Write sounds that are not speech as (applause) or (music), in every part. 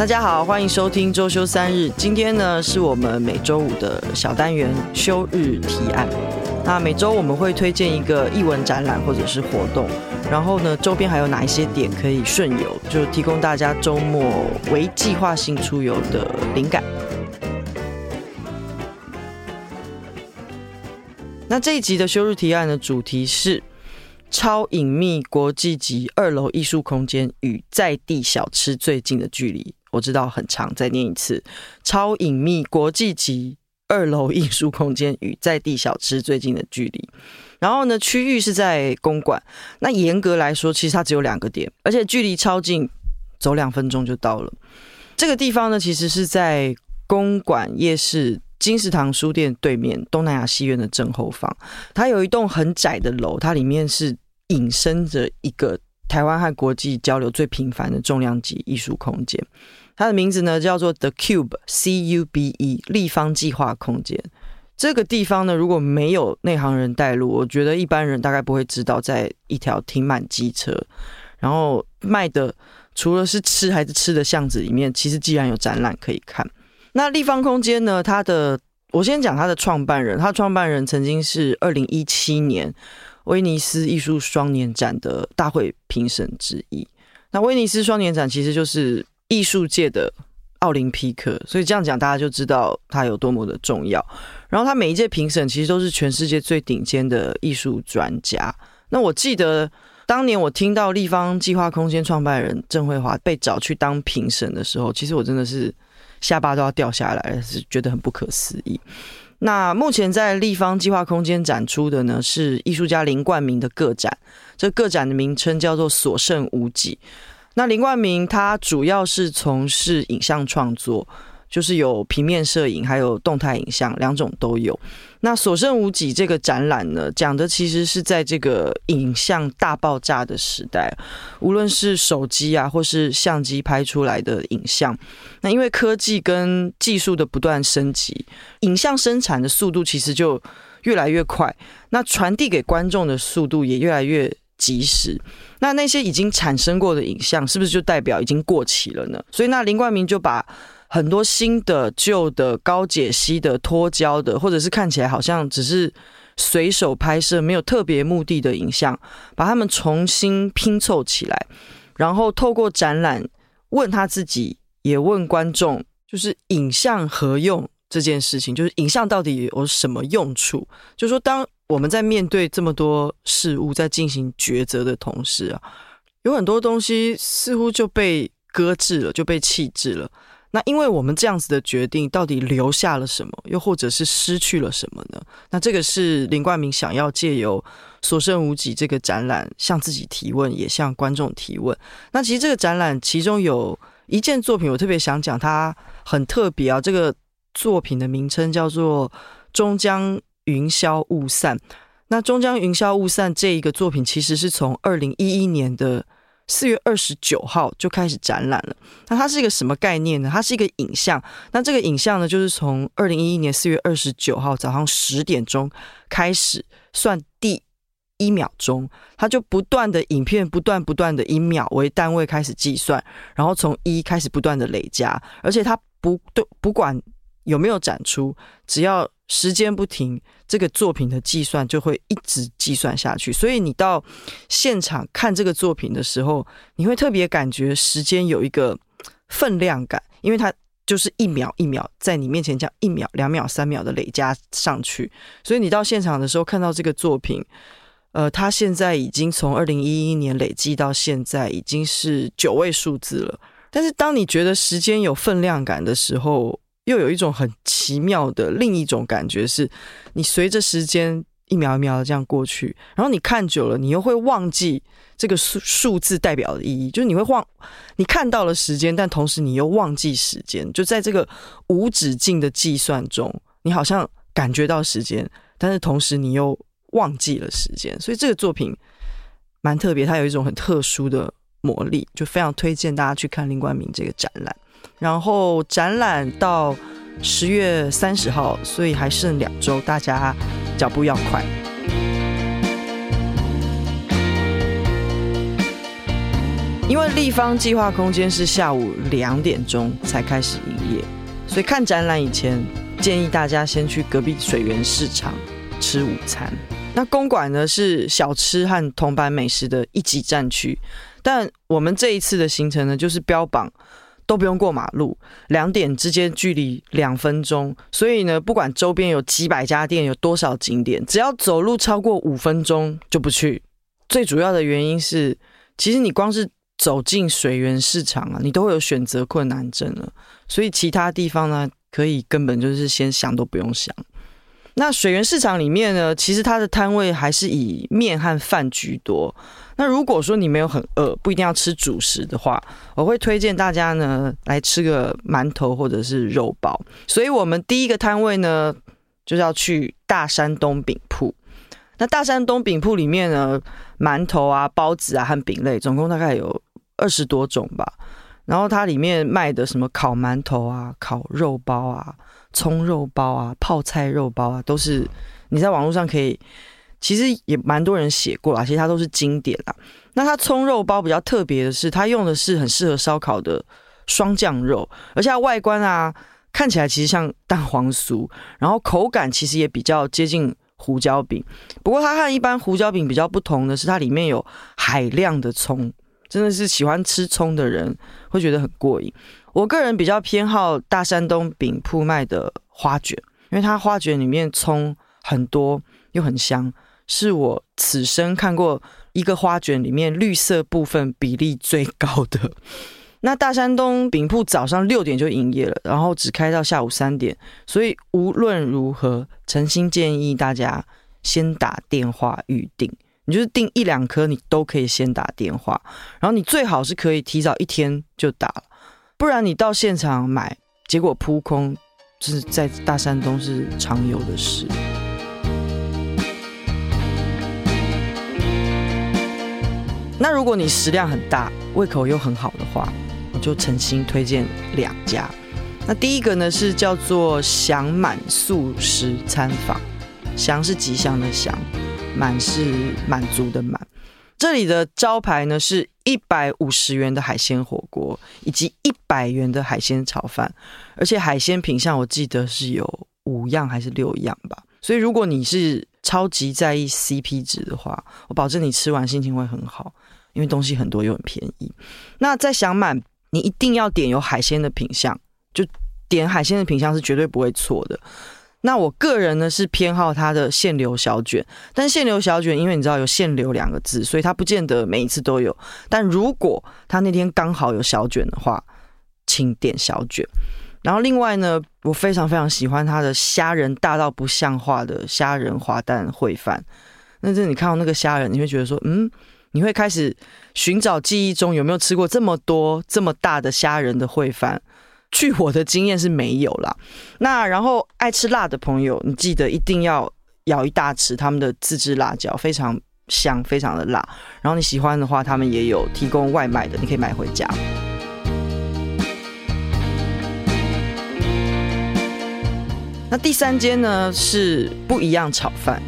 大家好，歡迎收聽週休三日。今天呢，是我們每週五的小單元休日提案。那每週我們會推薦一個藝文展覽或者是活動，然後呢，周邊還有哪一些點可以順遊，就提供大家週末無計劃性出遊的靈感。那這一集的休日提案呢，主題是超隱秘國際級二樓藝術空間與在地小吃最近的距離。我知道很長，再念一次：超隱秘國際級二樓藝術空間與在地小吃最近的距離。然後呢，區域是在公館。那嚴格來說，其實它只有兩個點，而且距離超近，走兩分鐘就到了。這個地方呢，其實是在公館夜市金石堂書店對面東南亞戲院的正後方。它有一棟很窄的樓，它裡面是隱身着一個台灣和國際交流最頻繁的重量級藝術空間。它的名字呢，叫做 The Cube C-U-B-E 立方計劃空間。這個地方呢，如果沒有內行人帶路，我覺得一般人大概不會知道，在一條停滿機車，然後賣的除了是吃還是吃的巷子裡面，其實既然有展覽可以看，那立方空間呢，它的，我先講它的創辦人，他創辦人曾經是2017年威尼斯藝術雙年展的大會評審之一。那威尼斯雙年展其實就是。藝術界的奧林匹克，所以這樣講，大家就知道它有多麼的重要。然後，它每一屆評審其實都是全世界最頂尖的藝術專家。那我記得當年我聽到立方計劃空間創辦人鄭慧華被找去當評審的時候，其實我真的是下巴都要掉下來了，是覺得很不可思議。那目前在立方計劃空間展出的呢，是藝術家林冠名的個展，這個展的名稱叫做《所剩無幾》。那林冠名他主要是從事影像創作，就是有平面攝影，還有動態影像兩種都有。那所剩無幾這個展覽呢，講的其實是在這個影像大爆炸的時代，無論是手機啊，或是相機拍出來的影像，那因為科技跟技術的不斷升級，影像生產的速度其實就越來越快，那傳遞給觀眾的速度也越來越。即時，那那些已經產生過的影像，是不是就代表已經過期了呢？所以，那林冠名就把很多新的、舊的、高解析的、脫焦的，或者是看起來好像只是隨手拍攝、沒有特別目的的影像，把它們重新拼湊起來，然後透過展覽問他自己，也問觀眾，就是影像何用這件事情，就是影像到底有什麼用處？就說當。我們在面對這麼多事物，在進行抉擇的同時啊，有很多東西似乎就被擱置了，就被棄置了。那因為我們這樣子的決定，到底留下了什麼，又或者是失去了什麼呢？那這個是林冠名想要借由“所剩無幾”這個展覽向自己提問，也向觀眾提問。那其實這個展覽其中有一件作品，我特別想講，它很特別啊。這個作品的名稱叫做《終將》。雲消霧散，那《終將雲消霧散》這一個作品其實是從二零一一年的四月二十九號就開始展覽了。那它是一個什麼概念呢？它是一個影像。那這個影像呢，就是從二零一一年四月二十九號早上十點鐘開始算第一秒鐘，它就不斷的影片不斷不斷的以秒為單位開始計算，然後從一開始不斷的累加，而且它不對，不管有沒有展出，只要。時間不停，這個作品的計算就會一直計算下去。所以你到現場看這個作品的時候，你會特別感覺時間有一個分量感，因為它就是一秒一秒在你面前這樣一秒、兩秒、三秒的累加上去。所以你到現場的時候看到這個作品，呃，它現在已經從二零一一年累計到現在已經是九位數字了。但是當你覺得時間有分量感的時候，又有一種很奇妙的另一種感覺，是你隨着時間一秒一秒的這樣過去，然後你看久了，你又會忘記這個數數字代表的意義，就是你會忘，你看到了時間，但同時你又忘記時間，就在這個無止境的計算中，你好像感覺到時間，但是同時你又忘記了時間，所以這個作品蠻特別，它有一種很特殊的魔力，就非常推薦大家去看林冠名這個展覽。然後展覽到十月三十號，所以還剩兩周，大家腳步要快。因為立方計劃空間是下午兩點鐘才開始營業，所以看展覽以前，建議大家先去隔壁水源市場吃午餐。那公館呢，是小吃和銅板美食的一級戰區，但我們這一次的行程呢，就是標榜。都不用過馬路，兩點之間距離兩分鐘，所以呢，不管周邊有幾百家店，有多少景點，只要走路超過五分鐘就不去。最主要的原因是，其實你光是走進水源市場啊，你都會有選擇困難症了。所以其他地方呢，可以根本就是先想都不用想。那水源市場裡面呢，其實它的攤位還是以面和飯居多。那如果說你沒有很餓，不一定要吃主食的話，我會推薦大家呢來吃個饅頭或者是肉包。所以我們第一個攤位呢就是要去大山東餅鋪。那大山東餅鋪裡面呢，饅頭啊、包子啊和餅類總共大概有二十多種吧。然後它裡面賣的什麼烤饅頭啊、烤肉包啊、蔥肉包啊、泡菜肉包啊，都是你在網絡上可以。其實也蠻多人寫過啦，其實它都是經典啦。那它蔥肉包比較特別的是，它用的是很適合燒烤的雙醬肉，而且它外觀啊看起來其實像蛋黃酥，然後口感其實也比較接近胡椒餅。不過它和一般胡椒餅比較不同的是，它裡面有海量的蔥，真的是喜歡吃蔥的人會覺得很過癮。我個人比較偏好大山東餅鋪賣的花捲，因為它花捲裡面蔥很多又很香。是我此生看過一個花捲裡面綠色部分比例最高的。那大山東餅鋪早上六點就營業了，然後只開到下午三點，所以無論如何，誠心建議大家先打電話預定。你就是訂一兩顆，你都可以先打電話，然後你最好是可以提早一天就打了，不然你到現場買，結果撲空，就是在大山東是常有的事。那如果你食量很大，胃口又很好的話，我就誠心推薦兩家。那第一個呢是叫做祥滿速食餐坊。祥是吉祥的祥，滿是滿足的滿。這裡的招牌呢是一百五十元的海鮮火鍋，以及一百元的海鮮炒飯，而且海鮮品項我記得是有五樣還是六樣吧。所以如果你是超級在意 CP 值的話，我保證你吃完心情會很好。因為東西很多又很便宜，那在祥滿，你一定要點有海鮮的品項，就點海鮮的品項是絕對不會錯的。那我個人呢是偏好它的現流小卷，但現流小卷，因為你知道有現流兩個字，所以它不見得每一次都有。但如果他那天剛好有小卷的話，請點小卷。然後另外呢，我非常非常喜歡它的蝦仁，大到不像話的蝦仁滑蛋燴飯，那這，你看到那個蝦仁，你會覺得說嗯。你會開始尋找記憶中有沒有吃過這麼多這麼大的蝦仁的燴飯？據我的經驗是沒有啦。那然後愛吃辣的朋友，你記得一定要舀一大匙他們的自製辣椒，非常香，非常的辣。然後你喜歡的話，他們也有提供外賣的，你可以買回家。那第三間呢，是不一樣炒飯。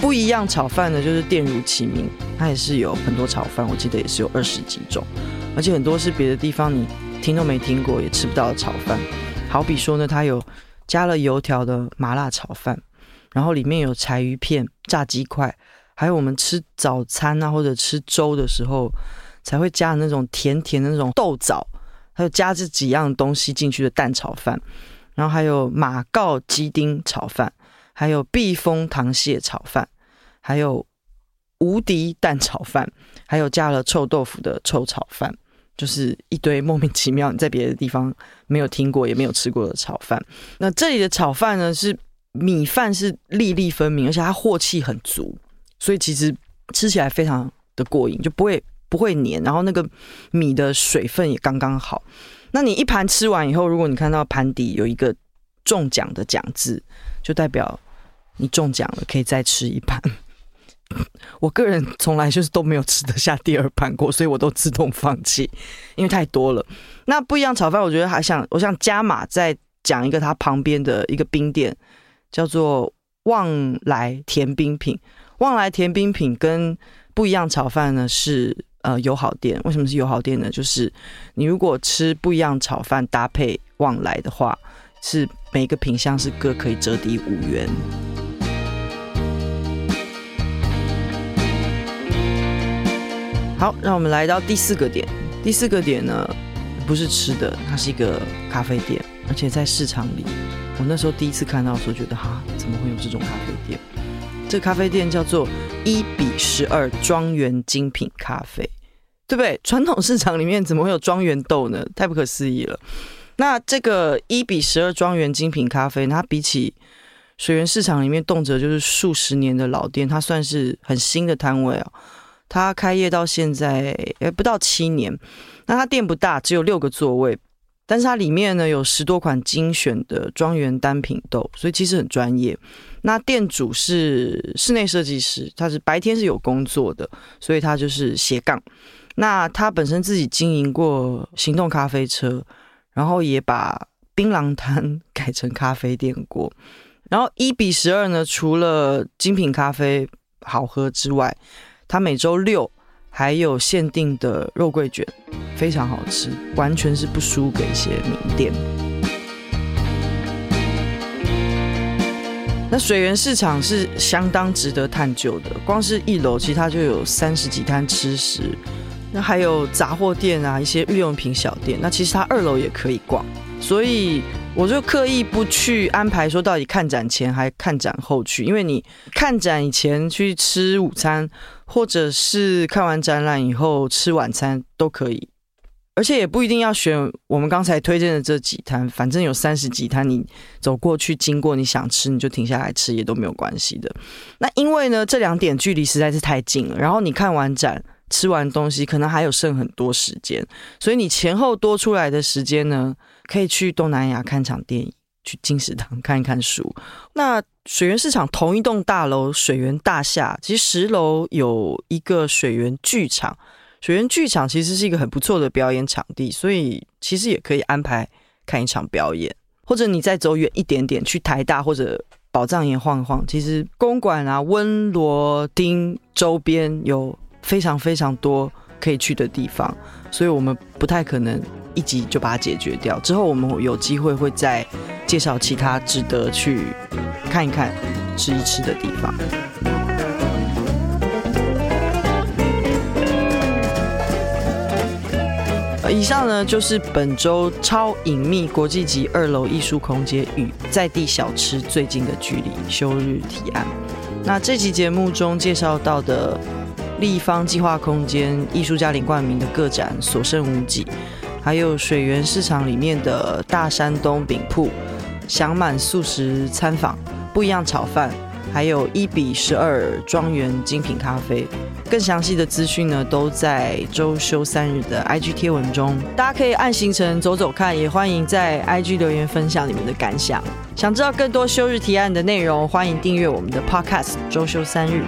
不一樣炒飯呢，就是店如其名，它也是有很多炒飯，我記得也是有二十幾種，而且很多是別的地方你聽都沒聽過，也吃不到的炒飯。好比說呢，它有加了油條的麻辣炒飯，然後裡面有柴魚片、炸雞塊，還有我們吃早餐啊或者吃粥的時候才會加的那種甜甜的那種豆棗，還有加這幾樣東西進去的蛋炒飯，然後還有馬告雞丁炒飯。還有避風塘蟹炒飯，還有無敵蛋炒飯，還有加了臭豆腐的臭炒飯，就是一堆莫名其妙你在別的地方沒有聽過也沒有吃過的炒飯。那這裡的炒飯呢，是米飯是粒粒分明，而且它鑊氣很足，所以其實吃起來非常的過癮，就不會不會黏，然後那個米的水分也剛剛好。那你一盤吃完以後，如果你看到盤底有一個中獎的獎字，就代表。你中獎了，可以再吃一盤。 (laughs) 我個人從來就是都沒有吃得下第二盤過，所以我都自動放棄，因為太多了。那不一樣炒飯，我覺得還想我想加碼再講一個，它旁邊的一個冰店叫做旺來甜冰品。旺來甜冰品跟不一樣炒飯呢，是呃友好店，為什麼是友好店呢？就是你如果吃不一樣炒飯搭配旺來的話，是每個品項是各可以折抵五元。好，讓我們來到第四個點。第四個點呢，不是吃的，它是一個咖啡店，而且在市場裡。我那時候第一次看到的時候，覺得哈，怎麼會有這種咖啡店？這個咖啡店叫做一比十二莊園精品咖啡，對不對？傳統市場裡面怎麼會有莊園豆呢？太不可思議了。那這個一比十二莊園精品咖啡，它比起水源市場裡面動輒就是數十年的老店，它算是很新的攤位啊、哦。他開業到現在，哎，不到七年。那他店不大，只有六個座位，但是它裡面呢，有十多款精選的莊園單品豆，所以其實很專業。那店主是室內設計師，他是白天是有工作的，所以他就是斜槓。那他本身自己經營過行動咖啡車，然後也把檳榔攤改成咖啡店過。然後一比十二呢，除了精品咖啡好喝之外，它每週六還有限定的肉桂捲，非常好吃，完全是不輸給一些名店。那水源市場是相當值得探究的，光是一樓其實它就有三十幾攤吃食，那還有雜貨店啊，一些日用品小店。那其實它二樓也可以逛，所以。我就刻意不去安排說，到底看展前還看展後去，因為你看展以前去吃午餐，或者是看完展覽以後吃晚餐都可以，而且也不一定要選我們剛才推薦的這幾攤，反正有三十幾攤，你走過去經過，你想吃你就停下來吃也都沒有關係的。那因為呢，這兩點距離實在是太近了，然後你看完展吃完東西可能還有剩很多時間，所以你前後多出來的時間呢？可以去東南亞看場電影，去金石堂看一看書。那水源市場同一棟大樓水源大廈，其實十樓有一個水源劇場。水源劇場其實是一個很不錯的表演場地，所以其實也可以安排看一場表演。或者你再走遠一點點，去台大或者寶藏巖晃一晃。其實公館啊、溫羅汀周邊有非常非常多可以去的地方，所以我們不太可能。一集就把它解決掉。之後我們有機會會再介紹其他值得去看一看、吃一吃的地方。以上呢，就是本周超隱秘國際級二樓藝術空間與在地小吃最近的距離休日提案。那這期節目中介紹到的立方計劃空間藝術家林冠名的個展所剩無幾。還有水源市場裡面的大山東餅鋪、祥滿速食餐坊、不一樣炒飯，還有一比十二莊園精品咖啡。更詳細的資訊呢，都在周休三日的 IG 貼文中，大家可以按行程走走看，也歡迎在 IG 留言分享你們的感想。想知道更多休日提案的內容，歡迎訂閱我們的 Podcast《周休三日》。